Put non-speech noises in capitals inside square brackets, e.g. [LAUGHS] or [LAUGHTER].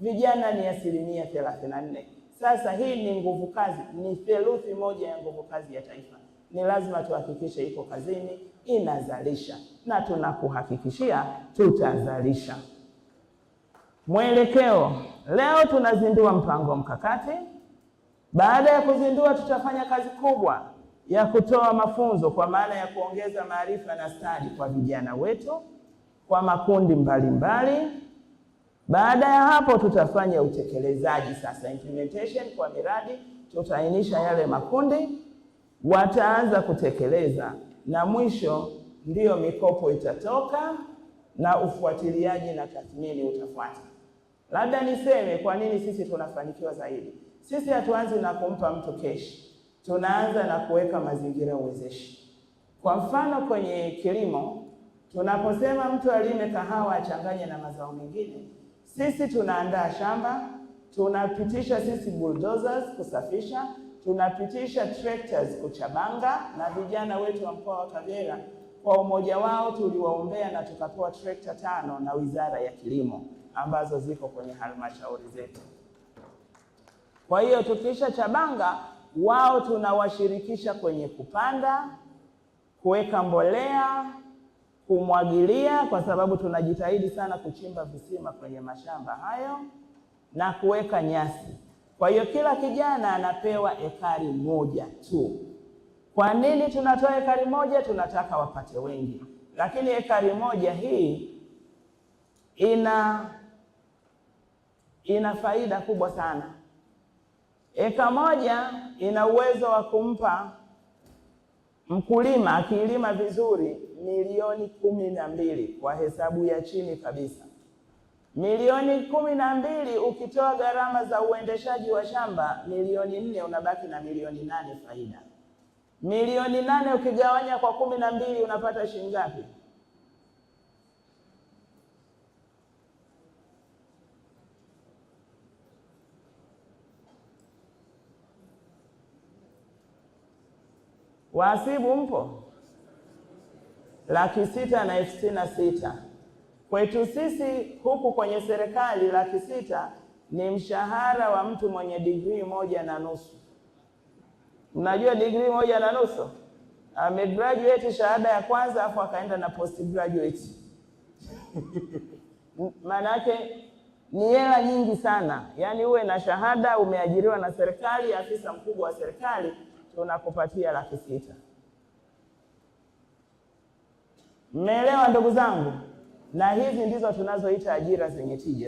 vijana ni asilimia thelathini na nne. Sasa hii ni nguvu kazi, ni theluthi moja ya nguvu kazi ya taifa. Ni lazima tuhakikishe iko kazini, inazalisha, na tunakuhakikishia tutazalisha. Mwelekeo, leo tunazindua mpango mkakati. Baada ya kuzindua, tutafanya kazi kubwa ya kutoa mafunzo, kwa maana ya kuongeza maarifa na stadi kwa vijana wetu kwa makundi mbalimbali mbali. Baada ya hapo, tutafanya utekelezaji sasa, implementation kwa miradi. Tutaainisha yale makundi wataanza kutekeleza, na mwisho ndiyo mikopo itatoka na ufuatiliaji na tathmini utafuata. Labda niseme kwa nini sisi tunafanikiwa zaidi. Sisi hatuanzi na kumpa mtu keshi, tunaanza na kuweka mazingira uwezeshi. Kwa mfano kwenye kilimo, tunaposema mtu alime kahawa achanganye na mazao mengine sisi tunaandaa shamba, tunapitisha sisi bulldozers kusafisha, tunapitisha tractors kuchabanga, na vijana wetu wa mkoa wa Kagera kwa umoja wao tuliwaombea na tukapewa trekta tano na Wizara ya Kilimo ambazo ziko kwenye halmashauri zetu. Kwa hiyo tukisha chabanga, wao tunawashirikisha kwenye kupanda, kuweka mbolea kumwagilia, kwa sababu tunajitahidi sana kuchimba visima kwenye mashamba hayo na kuweka nyasi. Kwa hiyo kila kijana anapewa ekari moja tu. Kwa nini tunatoa ekari moja? Tunataka wapate wengi, lakini ekari moja hii ina ina faida kubwa sana. Eka moja ina uwezo wa kumpa Mkulima akiilima vizuri milioni kumi na mbili kwa hesabu ya chini kabisa, milioni kumi na mbili ukitoa gharama za uendeshaji wa shamba milioni nne, unabaki na milioni nane faida. Milioni nane ukigawanya kwa kumi na mbili unapata shilingi ngapi? waasibu mpo? laki sita na elfu sitini na sita. Kwetu sisi huku kwenye serikali laki sita ni mshahara wa mtu mwenye digrii moja na nusu. Mnajua digrii moja na nusu, amegraduate shahada ya kwanza afu akaenda na post graduate [LAUGHS] maana yake ni hela nyingi sana, yaani uwe na shahada, umeajiriwa na serikali, afisa mkubwa wa serikali tunakupatia laki sita. Mmeelewa ndugu zangu? Na hizi ndizo tunazoita ajira zenye tija.